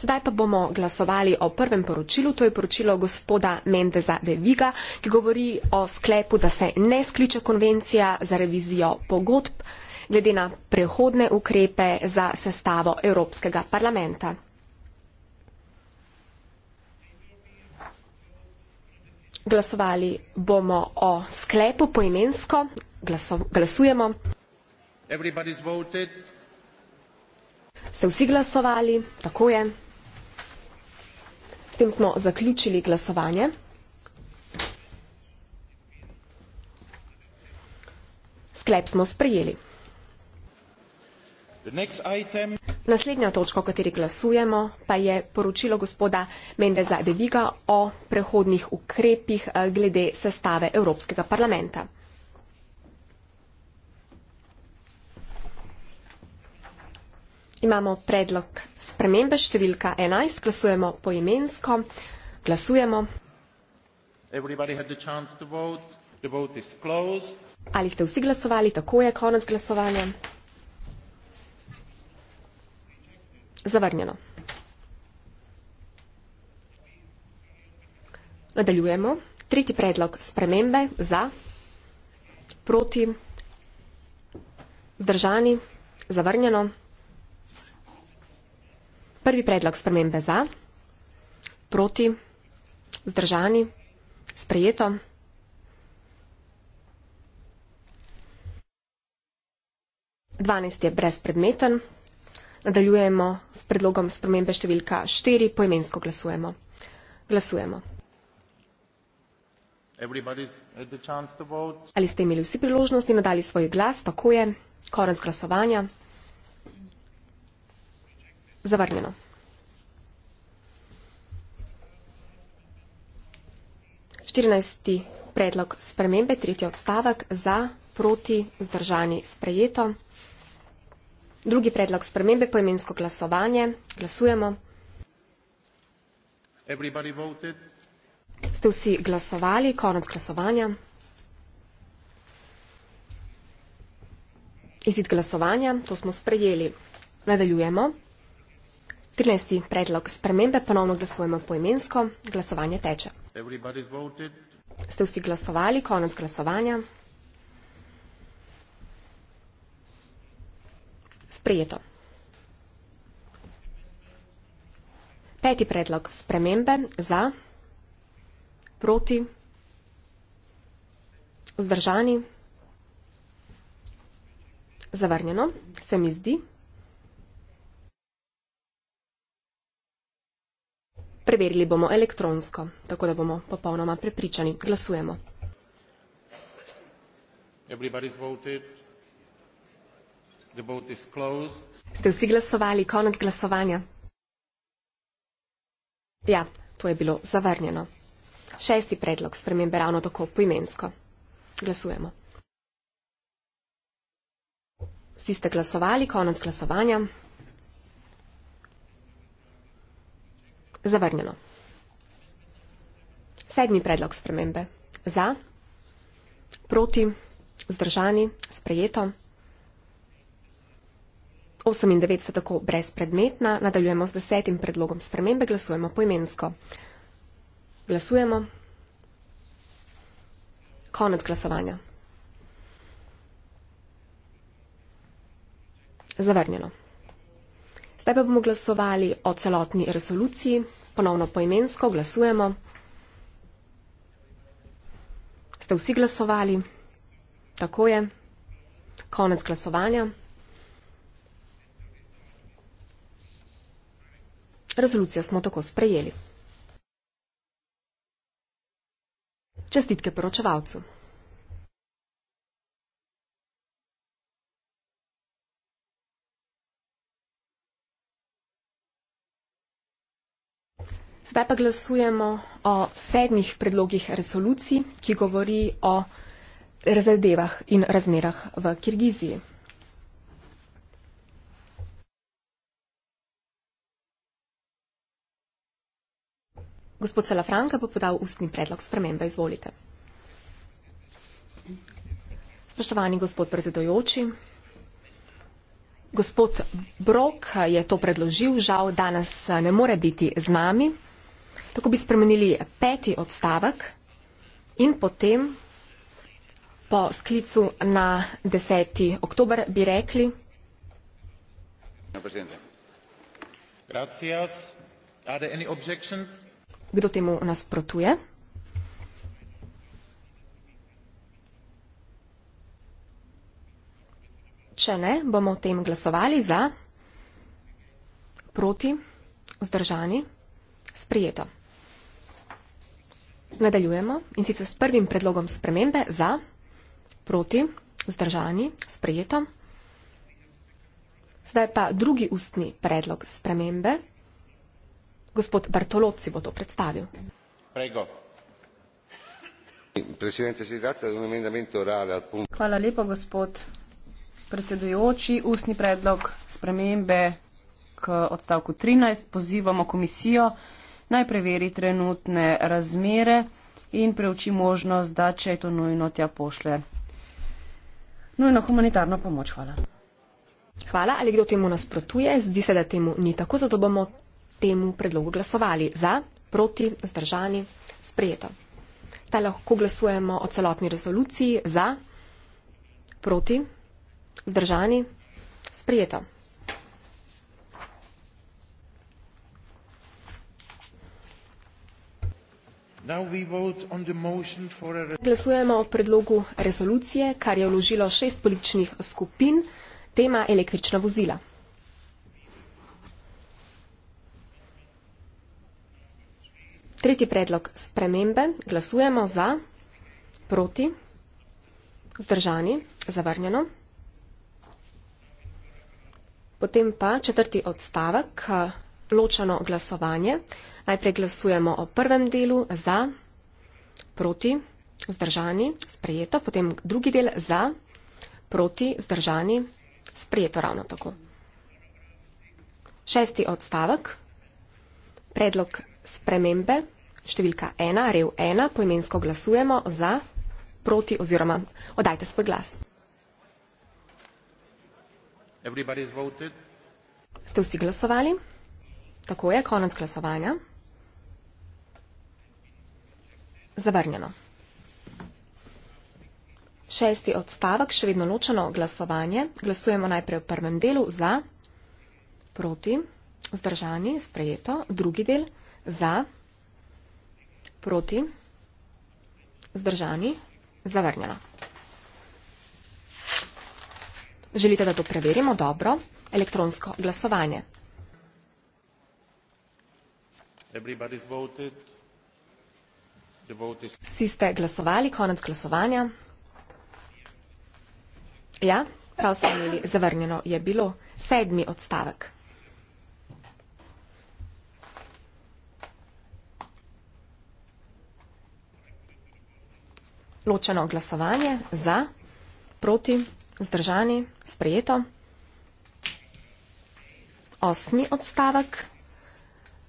Sedaj pa bomo glasovali o prvem poročilu, to je poročilo gospoda Mendeza de Viga, ki govori o sklepu, da se ne skliče konvencija za revizijo pogodb glede na prehodne ukrepe za sestavo Evropskega parlamenta. Glasovali bomo o sklepu poimensko. Glasujemo. Ste vsi glasovali? Tako je tem smo zaključili glasovanje. Sklep smo sprejeli. Item... Naslednja točka, o kateri glasujemo, pa je poročilo gospoda Mendeza Deviga o prehodnih ukrepih eh, glede sestave Evropskega parlamenta. Imamo predlog spremembe številka 11, glasujemo poimensko, glasujemo. Ali ste vsi glasovali, tako je konec glasovanja. Zavrnjeno. Nadaljujemo. Tretji predlog spremembe za, proti, zdržani, zavrnjeno. Prvi predlog spremembe za, proti, zdržani, sprejeto. Dvanajst je brezpredmeten. Nadaljujemo s predlogom spremembe številka štiri, poimensko glasujemo. Glasujemo. Ali ste imeli vsi priložnosti in nadali svoj glas? Tako je. Konec glasovanja. Zavrnjeno. Štirinajsti predlog spremembe, tretji odstavek za, proti, vzdržani, sprejeto. Drugi predlog spremembe, poimensko glasovanje. Glasujemo. Ste vsi glasovali, konec glasovanja. Izid glasovanja, to smo sprejeli. Nadaljujemo. 13. predlog spremembe ponovno glasujemo poimensko, glasovanje teče. Ste vsi glasovali, konec glasovanja? Sprejeto. Peti predlog spremembe za, proti, vzdržani, zavrnjeno, se mi zdi. Preverili bomo elektronsko, tako da bomo popolnoma prepričani. Glasujemo. Ste vsi glasovali, konec glasovanja? Ja, to je bilo zavrnjeno. Šesti predlog spremembe ravno tako poimensko. Glasujemo. Vsi ste glasovali, konec glasovanja. Zavrnjeno. Sedmi predlog spremembe. Za, proti, vzdržani, sprejeto. 98 tako brezpredmetna. Nadaljujemo z desetim predlogom spremembe. Glasujemo poimensko. Glasujemo. Konec glasovanja. Zavrnjeno. Zdaj pa bomo glasovali o celotni resoluciji. Ponovno poimensko glasujemo. Ste vsi glasovali? Tako je. Konec glasovanja. Rezolucijo smo tako sprejeli. Čestitke poročevalcu. Zdaj pa glasujemo o sedmih predlogih resolucij, ki govori o razadevah in razmerah v Kirgiziji. Gospod Salafranka bo podal ustni predlog spremembe. Izvolite. Spoštovani gospod predsedojoči, gospod Brok je to predložil, žal danes ne more biti z nami. Tako bi spremenili peti odstavek in potem po sklicu na 10. oktober bi rekli. Kdo temu nasprotuje? Če ne, bomo o tem glasovali za, proti, vzdržani, sprijeto. Nadaljujemo in sicer s prvim predlogom spremembe za, proti, vzdržani, sprejeto. Zdaj pa drugi ustni predlog spremembe. Gospod Bartolot si bo to predstavil. Prego. Hvala lepa, gospod predsedujoči. Ustni predlog spremembe k odstavku 13. Pozivamo komisijo, naj preveri trenutne razmere in preuči možnost, da če je to nujno, tja pošle nujno humanitarno pomoč. Hvala. Hvala. Ali kdo temu nasprotuje? Zdi se, da temu ni tako, zato bomo temu predlogu glasovali. Za, proti, zdržani, sprejeto. Ta lahko glasujemo o celotni rezoluciji. Za, proti, zdržani, sprejeto. Glasujemo o predlogu rezolucije, kar je vložilo šest političnih skupin, tema električna vozila. Tretji predlog spremembe. Glasujemo za, proti, zdržani, zavrnjeno. Potem pa četrti odstavek, ločeno glasovanje. Najprej glasujemo o prvem delu za, proti, vzdržani, sprejeto, potem drugi del za, proti, vzdržani, sprejeto ravno tako. Šesti odstavek, predlog spremembe, številka ena, rev ena, poimensko glasujemo za, proti oziroma oddajte svoj glas. Ste vsi glasovali? Tako je, konec glasovanja. Zavrnjeno. Šesti odstavek, še vedno ločeno glasovanje. Glasujemo najprej v prvem delu za, proti, vzdržani, sprejeto. Drugi del za, proti, vzdržani, zavrnjeno. Želite, da to preverimo dobro? Elektronsko glasovanje. Everybody's voted. Vsi ste glasovali, konec glasovanja. Ja, prav ste imeli, zavrnjeno je bilo sedmi odstavek. Ločeno glasovanje za, proti, zdržani, sprejeto. Osmi odstavek,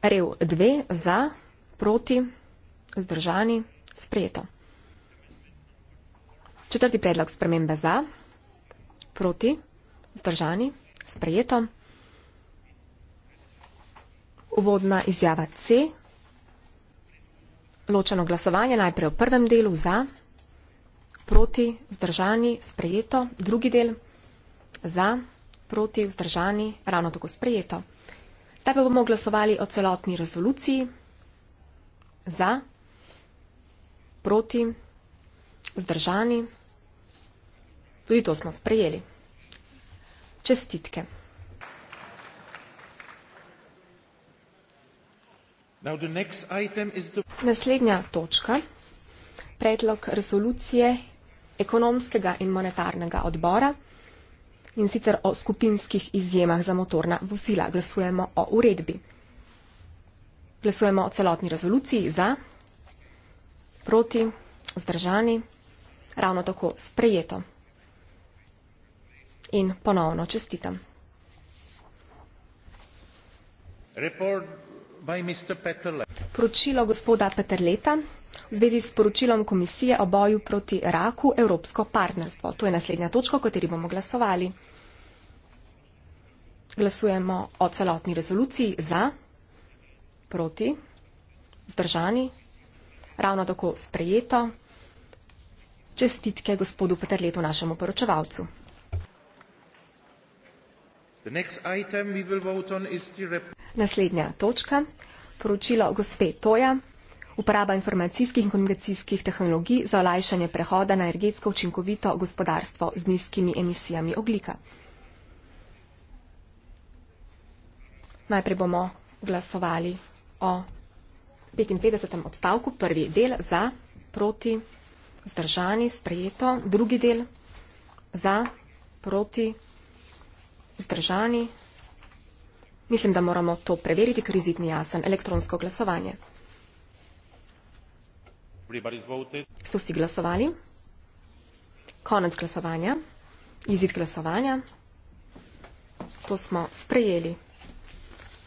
rev dve za, proti, zdržani. Vzdržani, sprejeto. Četrti predlog spremembe za, proti, vzdržani, sprejeto. Uvodna izjava C. Ločeno glasovanje najprej v prvem delu za, proti, vzdržani, sprejeto. Drugi del za, proti, vzdržani, ravno tako sprejeto. Zdaj pa bomo glasovali o celotni rezoluciji za, proti, vzdržani, sprejeto proti, zdržani. Tudi to smo sprejeli. Čestitke. Naslednja točka. Predlog resolucije ekonomskega in monetarnega odbora in sicer o skupinskih izjemah za motorna vozila. Glasujemo o uredbi. Glasujemo o celotni rezoluciji za proti, vzdržani, ravno tako sprejeto. In ponovno čestitam. Poročilo gospoda Peterleta v zvezi s poročilom komisije o boju proti raku Evropsko partnerstvo. To je naslednja točka, o kateri bomo glasovali. Glasujemo o celotni rezoluciji za, proti, zdržani, ravno tako sprejeto. Čestitke gospodu Peterletu, našemu poročevalcu. Naslednja točka. Poročilo gospe Toja. Uporaba informacijskih in komunikacijskih tehnologij za olajšanje prehoda na energetsko učinkovito gospodarstvo z nizkimi emisijami oglika. Najprej bomo glasovali o 55. odstavku, prvi del za, proti, zdržani, sprejeto, drugi del za, proti, zdržani. Mislim, da moramo to preveriti, ker izid ni jasen. Elektronsko glasovanje. Ste vsi glasovali? Konec glasovanja. Izid glasovanja. To smo sprejeli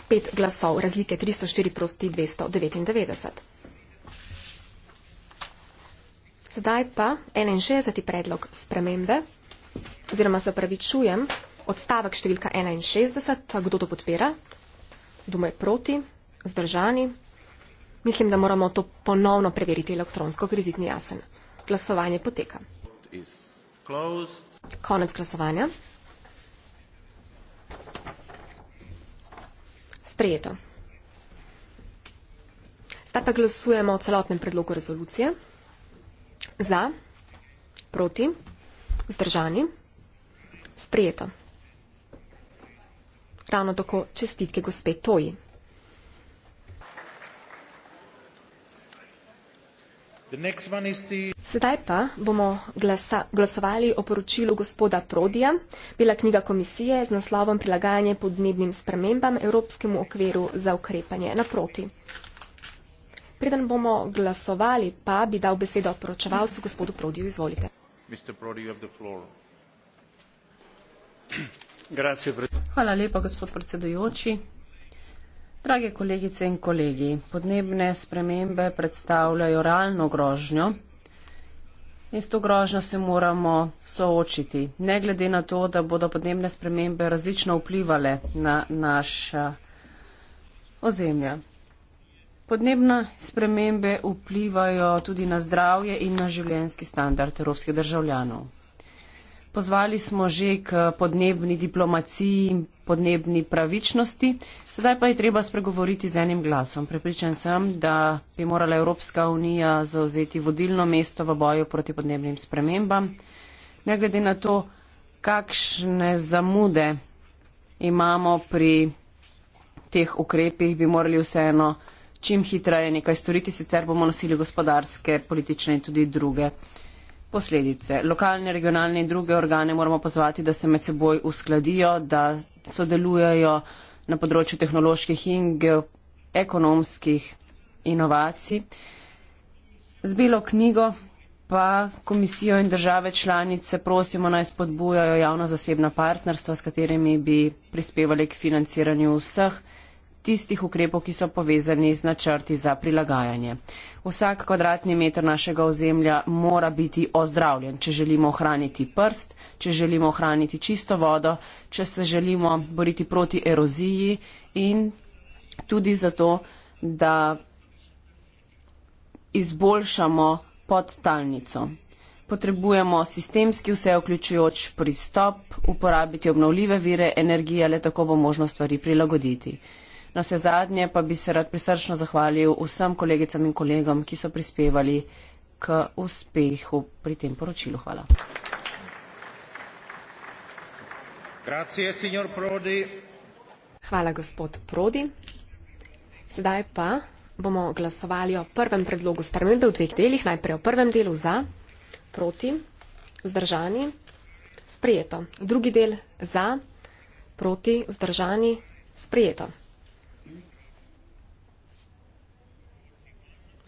pet glasov razlike 304 proti 299. Sedaj pa 61. predlog spremembe, oziroma se pravičujem, odstavek številka 61, kdo to podpira, doma je proti, zdržani. Mislim, da moramo to ponovno preveriti elektronsko, ker je zitni jasen. Glasovanje poteka. Konec glasovanja. Sprejeto. Zdaj pa glasujemo o celotnem predlogu rezolucije. Za, proti, vzdržani. Sprejeto. Ravno tako čestitke gospe Toji. Sedaj pa bomo glasa, glasovali o poročilu gospoda Prodija, bila knjiga komisije z naslovom Prilagajanje podnebnim spremembam Evropskemu okviru za ukrepanje naproti. Preden bomo glasovali, pa bi dal besedo poročevalcu gospodu Prodiju. Izvolite. Hvala lepa, gospod predsedujoči. Drage kolegice in kolegi, podnebne spremembe predstavljajo realno grožnjo in s to grožnjo se moramo soočiti, ne glede na to, da bodo podnebne spremembe različno vplivale na naša ozemlja. Podnebne spremembe vplivajo tudi na zdravje in na življenski standard evropskih državljanov. Pozvali smo že k podnebni diplomaciji in podnebni pravičnosti, sedaj pa je treba spregovoriti z enim glasom. Prepričan sem, da bi morala Evropska unija zauzeti vodilno mesto v boju proti podnebnim spremembam. Ne glede na to, kakšne zamude imamo pri teh ukrepih, bi morali vseeno čim hitreje nekaj storiti, sicer bomo nosili gospodarske, politične in tudi druge uh, posledice. Lokalne, regionalne in druge organe moramo pozvati, da se med seboj uskladijo, da sodelujejo na področju tehnoloških in geoekonomskih inovacij. Z belo knjigo pa komisijo in države članice prosimo naj spodbujajo javno-zasebna partnerstva, s katerimi bi prispevali k financiranju vseh tistih ukrepov, ki so povezani z načrti za prilagajanje. Vsak kvadratni meter našega ozemlja mora biti ozdravljen, če želimo ohraniti prst, če želimo ohraniti čisto vodo, če se želimo boriti proti eroziji in tudi zato, da izboljšamo podtalnico. Potrebujemo sistemski vse vključujoč pristop, uporabiti obnovljive vire energije, le tako bo možno stvari prilagoditi. Na vse zadnje pa bi se rad prisrčno zahvalil vsem kolegicam in kolegom, ki so prispevali k uspehu pri tem poročilu. Hvala. Grazie, Hvala, gospod Prodi. Zdaj pa bomo glasovali o prvem predlogu spremembe v dveh delih. Najprej o prvem delu za, proti, vzdržani, sprejeto. Drugi del za, proti, vzdržani, sprejeto.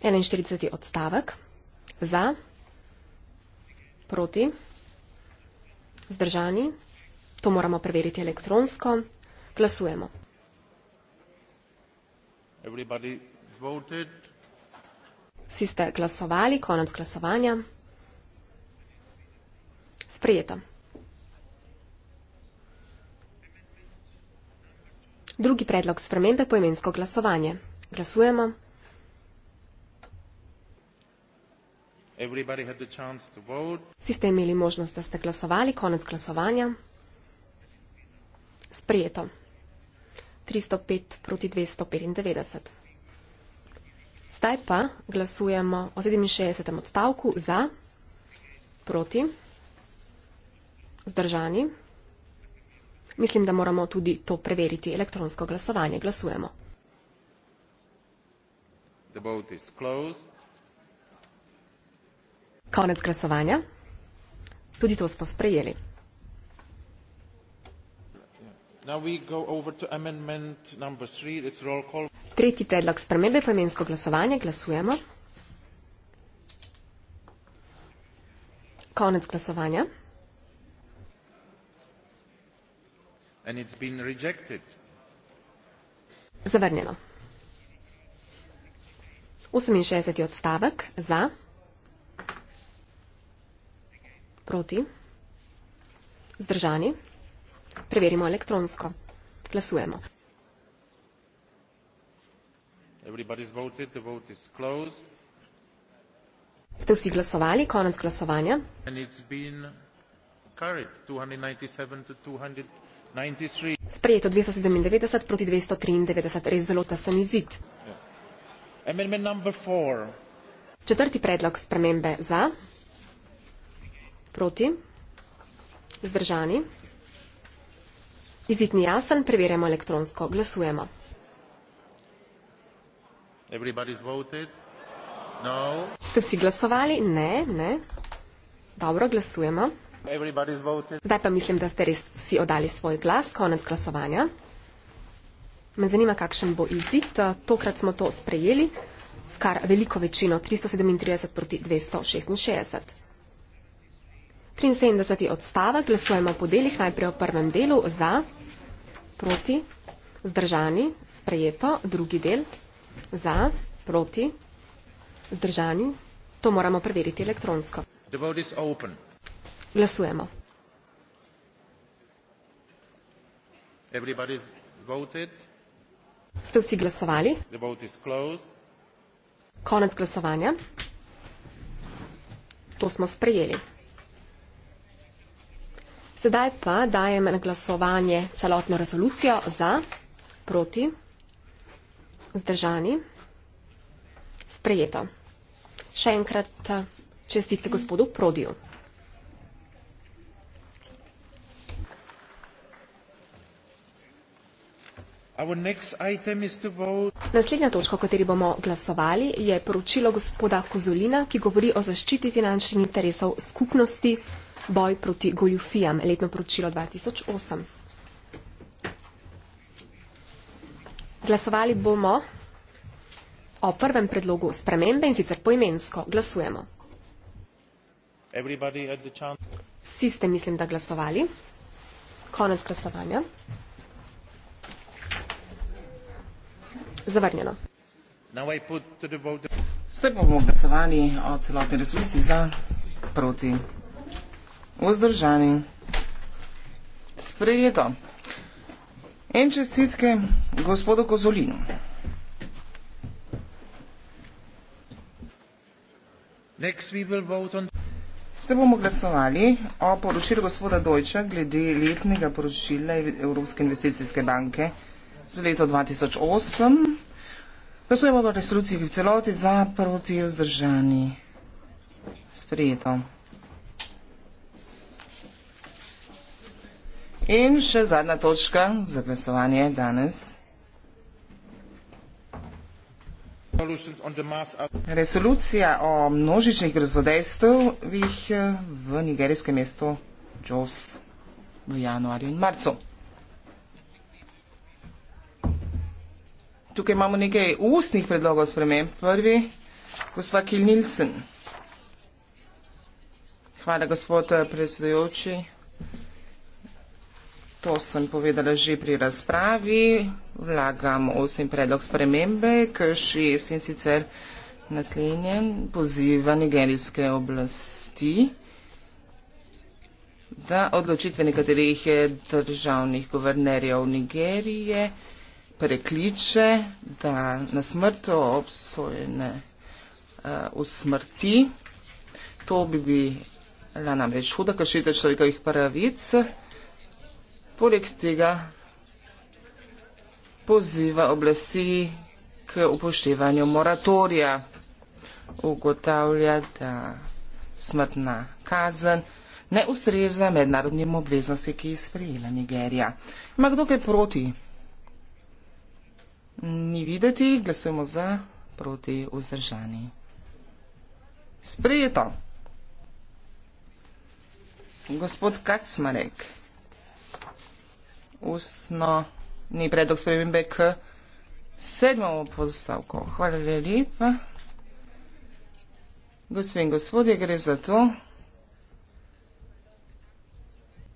41. odstavek za, proti, zdržani. To moramo preveriti elektronsko. Glasujemo. Vsi ste glasovali, konec glasovanja. Sprejeto. Drugi predlog spremembe poimensko glasovanje. Glasujemo. Vsi ste imeli možnost, da ste glasovali. Konec glasovanja. Sprijeto. 305 proti 295. Zdaj pa glasujemo o 67. odstavku za, proti, zdržani. Mislim, da moramo tudi to preveriti. Elektronsko glasovanje glasujemo. The vote is closed. Konec glasovanja. Tudi to smo sprejeli. Tretji predlog spremembe poimensko glasovanje. Glasujemo. Konec glasovanja. And it's been rejected. Zavrnjeno. 68. odstavek za. Proti. Zdržani. Preverimo elektronsko. Glasujemo. Voted. The vote is Ste vsi glasovali? Konec glasovanja. Sprejeto 297 proti 293, res zelo tesen izid. Yeah. Četrti predlog spremembe za. Proti. Zdržani. Izid ni jasen, preverjamo elektronsko. Glasujemo. No. Ste vsi glasovali? Ne, ne. Dobro, glasujemo. Zdaj pa mislim, da ste res vsi oddali svoj glas, konec glasovanja. Me zanima, kakšen bo izid. Tokrat smo to sprejeli, skar veliko večino, 337 proti 266. 73. odstavek, glasujemo po delih, najprej o prvem delu za, proti, zdržani, sprejeto, drugi del za, proti, zdržani. To moramo preveriti elektronsko. Glasujemo. Ste vsi glasovali? Konec glasovanja. To smo sprejeli. Sedaj pa dajem na glasovanje celotno rezolucijo za, proti, vzdržani, sprejeto. Še enkrat eh, čestite gospodu Prodiju. Naslednja točka, o kateri bomo glasovali, je poročilo gospoda Kozolina, ki govori o zaščiti finančnih interesov skupnosti boj proti goljufijam, letno poročilo 2008. Glasovali bomo o prvem predlogu spremembe in sicer poimensko. Glasujemo. Vsi ste, mislim, da glasovali. Konec glasovanja. zavrnjeno. Zdaj bomo glasovali o celotni resoluciji za, proti, vzdržani. Sprejeto. In čestitke gospodu Kozolinu. Zdaj bomo glasovali o poročilu gospoda Dojča glede letnega poročila Evropske investicijske banke 2021 z leto 2008, glasujemo o resoluciji v celoti za proti vzdržani. Sprijeto. In še zadnja točka za glasovanje danes. Resolucija o množičnih grozodejstvih v nigerijskem mestu Džos v januarju in marcu. Tukaj imamo nekaj ustnih predlogov sprememb. Prvi, gospa Kil Nilsen. Hvala, gospod eh, predsedujoči. To sem povedala že pri razpravi. Vlagam ustni predlog spremembe, ker še sem sicer naslednjen poziva nigerijske oblasti da odločitve nekaterih eh, državnih guvernerjev Nigerije prekliče, da na smrt obsojene eh, usmrti. To bi bila namreč huda kršitev človekovih pravic. Poleg tega poziva oblasti k upoštevanju moratorija. Ugotavlja, da smrtna kazen ne ustreza mednarodnim obveznosti, ki je sprejela Nigerija. Ima kdo kaj proti? Ni videti, glasujemo za, proti vzdržani. Sprejeto. Gospod Kacmarek, ustno ni predlog spremembe k sedmemu postavku. Hvala lepa. Gospod in gospodje, gre za to,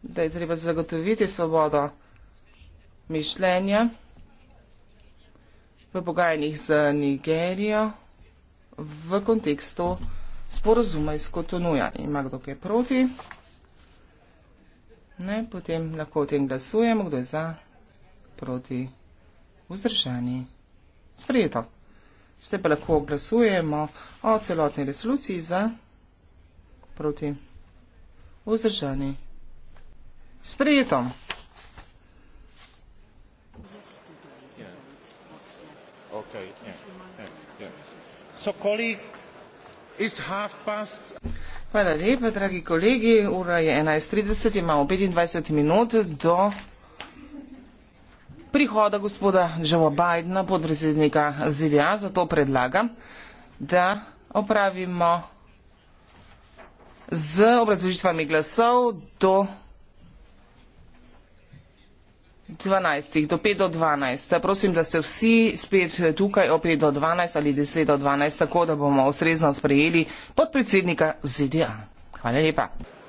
da je treba zagotoviti svobodo mišljenja v pogajanjih z Nigerijo v kontekstu sporozuma iz Kotonuja. Ima kdo kaj proti? Ne, potem lahko o tem glasujemo, kdo je za, proti, vzdržani. Sprejeto. Ste pa lahko glasujemo o celotni resoluciji za, proti, vzdržani. Sprejeto. Hvala lepa, dragi kolegi. Ura je 11.30, imamo 25 minut do prihoda gospoda Joe Bidena, podpredsednika ZDA. Zato predlagam, da opravimo z obrazložitvami glasov do 12. do 5 do 12. Prosim, da ste vsi spet tukaj o 5 do 12 ali 10 do 12, tako da bomo ustrezno sprejeli podpredsednika ZDA. Hvala lepa.